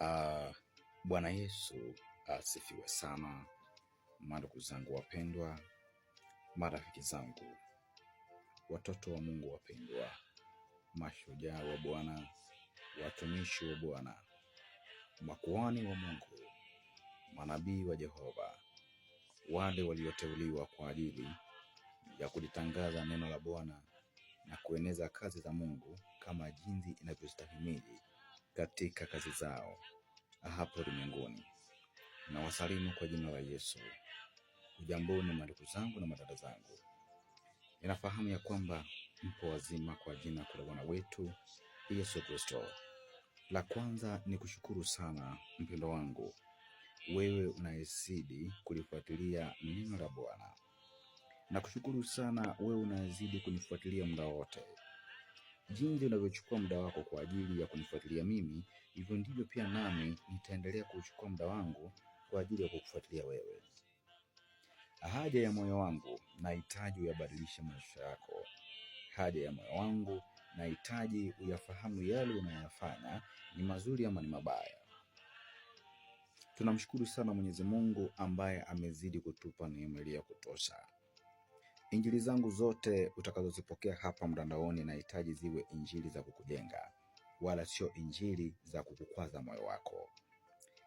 Uh, Bwana Yesu asifiwe ah, uh, sana mandugu zangu wapendwa, marafiki zangu, watoto wa Mungu wapendwa, mashujaa wa Bwana, watumishi wa Bwana, makuhani wa Mungu, manabii wa Jehova, wale walioteuliwa kwa ajili ya kulitangaza neno la Bwana na kueneza kazi za Mungu kama jinsi inavyostahimili katika kazi zao hapa ulimwenguni. Na wasalimu kwa jina la Yesu. Ujambuni mandugu zangu na madada zangu, ninafahamu ya kwamba mpo wazima kwa jina kula Bwana wetu Yesu Kristo. La kwanza ni kushukuru sana mpendo wangu, wewe unayezidi kulifuatilia neno la Bwana. Nakushukuru sana wewe unayezidi kunifuatilia muda wote Jinsi unavyochukua muda wako kwa ajili ya kunifuatilia mimi, hivyo ndivyo pia nami nitaendelea kuchukua muda wangu kwa ajili ya kukufuatilia wewe. Haja ya moyo wangu, nahitaji uyabadilishe maisha yako. Haja ya moyo wangu, nahitaji uyafahamu yale unayoyafanya ni mazuri ama ni mabaya. Tunamshukuru sana Mwenyezi Mungu ambaye amezidi kutupa neema ya kutosha. Injili zangu zote utakazozipokea hapa mtandaoni nahitaji ziwe injili za kukujenga, wala sio injili za kukukwaza moyo wako.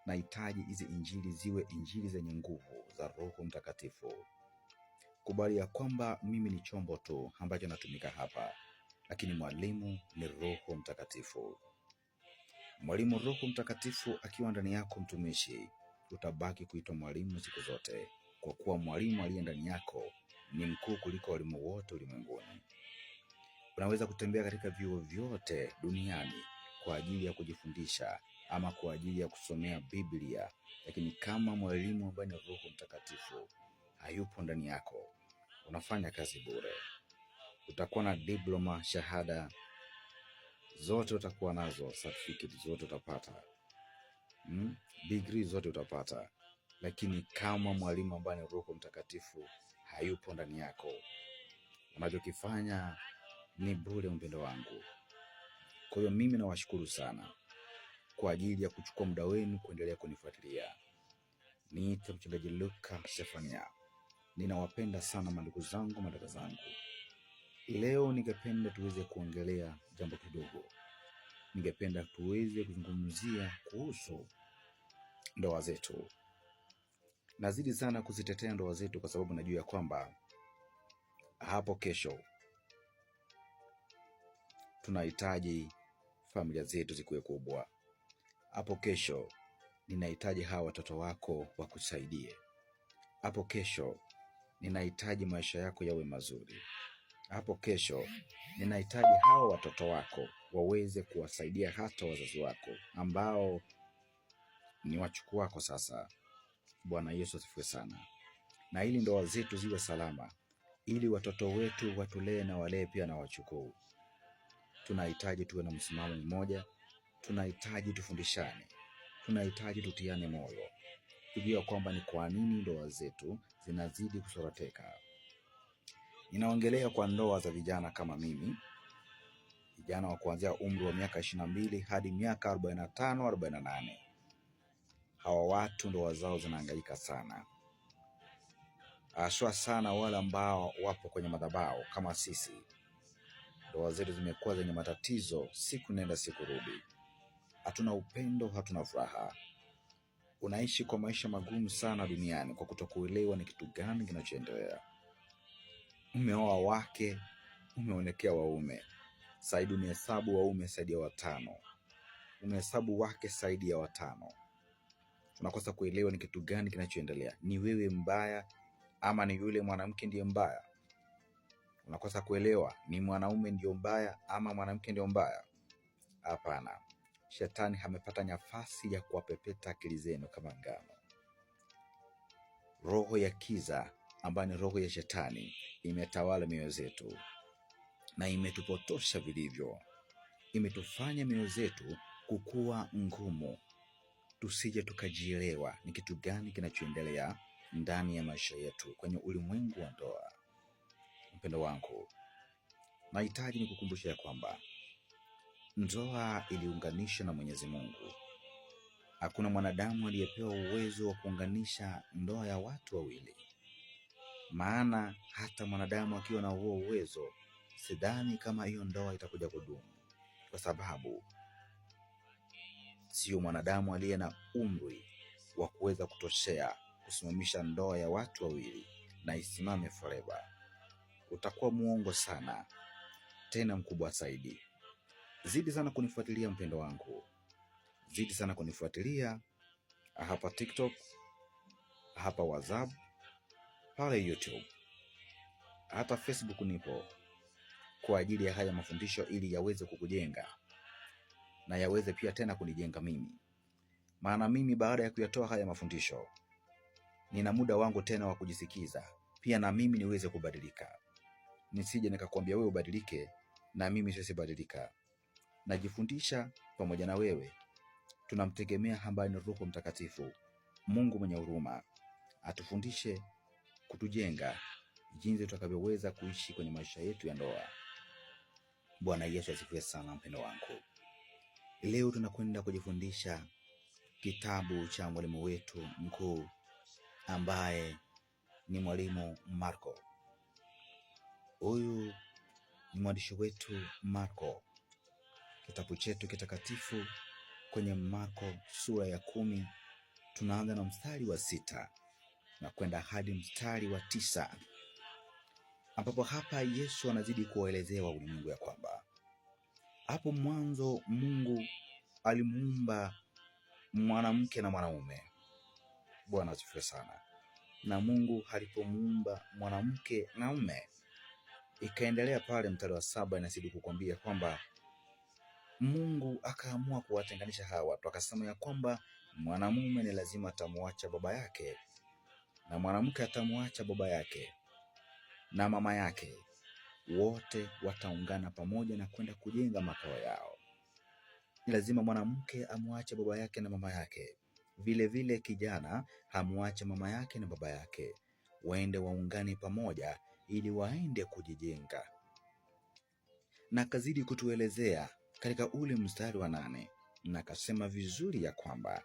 Nahitaji hizi injili ziwe injili zenye nguvu za Roho Mtakatifu. Kubali ya kwamba mimi ni chombo tu ambacho natumika hapa, lakini mwalimu ni Roho Mtakatifu. Mwalimu Roho Mtakatifu akiwa ndani yako, mtumishi, utabaki kuitwa mwalimu siku zote, kwa kuwa mwalimu aliye ndani yako ni mkuu kuliko walimu wote ulimwenguni. Unaweza kutembea katika vyuo vyote duniani kwa ajili ya kujifundisha ama kwa ajili ya kusomea Biblia, lakini kama mwalimu ambaye ni Roho Mtakatifu hayupo ndani yako, unafanya kazi bure. Utakuwa na diploma, shahada zote utakuwa nazo, certificate zote utapata, hmm? degree zote utapata, lakini kama mwalimu ambaye ni Roho Mtakatifu hayupo ndani yako. Unachokifanya ni bure, mpendo wangu. Kwa hiyo mimi nawashukuru sana kwa ajili ya kuchukua muda wenu kuendelea kunifuatilia. Niite mchungaji Luka Stefania, Ninawapenda sana mandugu zangu, madada zangu. Leo ningependa tuweze kuongelea jambo kidogo, ningependa tuweze kuzungumzia kuhusu ndoa zetu nazidi sana kuzitetea ndoa zetu kwa sababu najua ya kwamba hapo kesho tunahitaji familia zetu zikuwe kubwa. Hapo kesho ninahitaji hawa watoto wako wakusaidie. Hapo kesho ninahitaji maisha yako yawe mazuri. Hapo kesho ninahitaji hawa watoto wako waweze kuwasaidia hata wazazi wako ambao ni wachukuu wako sasa Bwana Yesu asifiwe sana. Na ili ndoa zetu ziwe salama, ili watoto wetu watulee na walee pia na wachukuu, tunahitaji tuwe na msimamo mmoja, tunahitaji tufundishane, tunahitaji tutiane moyo, tujua kwamba ni kwa nini ndoa zetu zinazidi kusoroteka. Ninaongelea kwa ndoa za vijana kama mimi, vijana wa kuanzia umri wa miaka ishirini na mbili hadi miaka arobaini na tano arobaini na nane hawa watu ndoa zao zinahangaika sana, haswa sana wale ambao wapo kwenye madhabao kama sisi. Ndoa zetu zimekuwa zenye matatizo siku nenda siku rudi, hatuna upendo, hatuna furaha. Unaishi kwa maisha magumu sana duniani kwa kutokuelewa ni kitu gani kinachoendelea. Umeoa wake, umeonekea waume saidi, umehesabu waume saidi ya watano, umehesabu wake saidi ya watano unakosa kuelewa ni kitu gani kinachoendelea. Ni wewe mbaya ama ni yule mwanamke ndiye mbaya? Unakosa kuelewa ni mwanaume ndio mbaya ama mwanamke ndio mbaya? Hapana, shetani amepata nafasi ya kuwapepeta akili zenu kama ngano. Roho ya kiza ambayo ni roho ya shetani imetawala mioyo zetu na imetupotosha vilivyo, imetufanya mioyo zetu kukuwa ngumu tusije tukajielewa ni kitu gani kinachoendelea ndani ya maisha yetu kwenye ulimwengu wa ndoa. Mpendo wangu, nahitaji nikukumbusha ya kwamba ndoa iliunganisha na Mwenyezi Mungu. Hakuna mwanadamu aliyepewa uwezo wa kuunganisha ndoa ya watu wawili, maana hata mwanadamu akiwa na huo uwezo, sidhani kama hiyo ndoa itakuja kudumu, kwa sababu sio mwanadamu aliye na umri wa kuweza kutoshea kusimamisha ndoa ya watu wawili na isimame foreva. Utakuwa muongo sana tena mkubwa zaidi. Zidi sana kunifuatilia mpendo wangu, zidi sana kunifuatilia hapa TikTok, hapa WhatsApp, pale YouTube, hata Facebook nipo kwa ajili ya haya mafundisho ili yaweze kukujenga na yaweze pia tena kunijenga mimi, maana mimi baada ya kuyatoa haya mafundisho nina muda wangu tena wa kujisikiza pia na mimi niweze kubadilika, nisije nikakwambia wewe ubadilike na mimi sisibadilika. Najifundisha pamoja na wewe, tunamtegemea ambaye ni Roho Mtakatifu, Mungu mwenye huruma, atufundishe kutujenga jinsi tutakavyoweza kuishi kwenye maisha yetu ya ndoa. Bwana Yesu asifiwe sana, mpendo wangu. Leo tunakwenda kujifundisha kitabu cha mwalimu wetu mkuu ambaye ni mwalimu Marko. Huyu ni mwandishi wetu Marko. Kitabu chetu kitakatifu kwenye Marko sura ya kumi tunaanza na mstari wa sita na kwenda hadi mstari wa tisa ambapo hapa Yesu anazidi kuwaelezea ulimwengu ya kwamba hapo mwanzo Mungu alimuumba mwanamke na mwanaume. Bwana asifiwe sana. Na Mungu alipomuumba mwanamke na mume, ikaendelea pale, mstari wa saba inazidi kukwambia kwamba Mungu akaamua kuwatenganisha hawa watu, akasema ya kwamba mwanamume ni lazima atamwacha baba yake na mwanamke atamwacha baba yake na mama yake wote wataungana pamoja na kwenda kujenga makao yao. Ni lazima mwanamke amwache baba yake na mama yake, vilevile vile kijana hamwache mama yake na baba yake, waende waungane pamoja ili waende kujijenga. Na kazidi kutuelezea katika ule mstari wa nane na kasema vizuri ya kwamba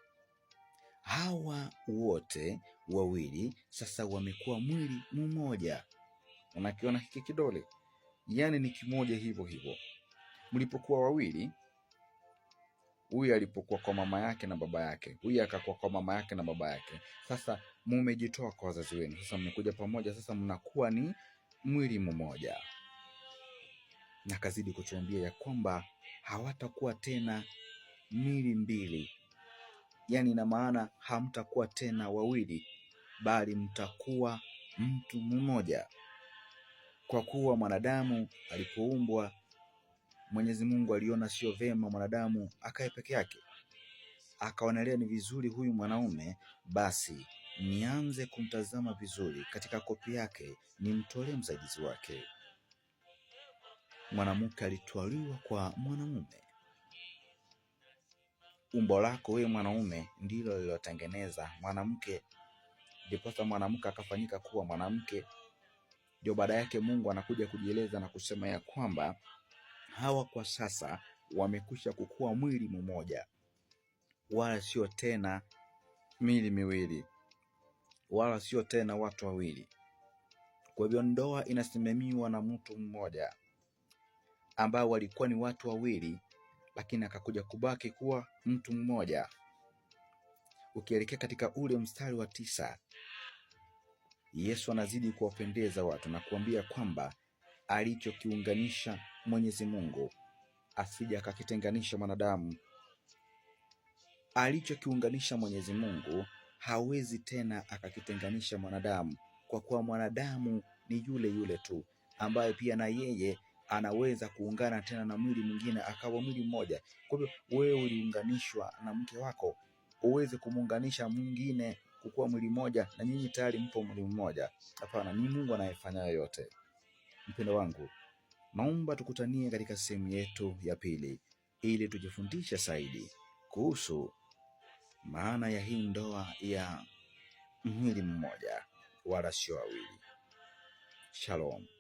hawa wote wawili sasa wamekuwa mwili mmoja. Unakiona hiki kidole yani ni kimoja hivyo hivyo. Mlipokuwa wawili, huyu alipokuwa kwa mama yake na baba yake, huyu akakuwa kwa mama yake na baba yake, sasa mumejitoa kwa wazazi wenu, sasa mmekuja pamoja, sasa mnakuwa ni mwili mmoja. Na kazidi kutuambia ya kwamba hawatakuwa tena mili mbili, yani ina maana hamtakuwa tena wawili, bali mtakuwa mtu mmoja. Kwa kuwa mwanadamu alipoumbwa Mwenyezi Mungu aliona sio vema mwanadamu akae peke yake, akaonelea ni vizuri huyu mwanaume basi nianze kumtazama vizuri katika kopi yake, nimtolee msaidizi wake. Mwanamke alitwaliwa kwa mwanamume. Umbo lako wewe mwanaume ndilo lilotengeneza mwanamke, ndipo mwanamke akafanyika kuwa mwanamke ndio baada yake Mungu anakuja kujieleza na kusema ya kwamba hawa kwa sasa wamekwisha kukua mwili mmoja, wala sio tena mili miwili, wala sio tena watu wawili. Kwa hivyo ndoa inasimamiwa na mtu mmoja, ambao walikuwa ni watu wawili, lakini akakuja kubaki kuwa mtu mmoja. Ukielekea katika ule mstari wa tisa Yesu anazidi kuwapendeza watu na kuambia kwamba alichokiunganisha Mwenyezi Mungu asija akakitenganisha mwanadamu. Alichokiunganisha Mwenyezi Mungu hawezi tena akakitenganisha mwanadamu, kwa kuwa mwanadamu ni yule yule tu ambaye pia na yeye anaweza kuungana tena na mwili mwingine akawa mwili mmoja. Kwa hivyo wewe uliunganishwa na mke wako, uweze kumuunganisha mwingine kukuwa mwili mmoja na nyinyi tayari mpo mwili mmoja. Hapana, ni Mungu anayefanya yote. Mpendo wangu, naomba tukutanie katika sehemu yetu ya pili ili tujifundisha zaidi kuhusu maana ya hii ndoa ya mwili mmoja wala sio wawili. Shalom.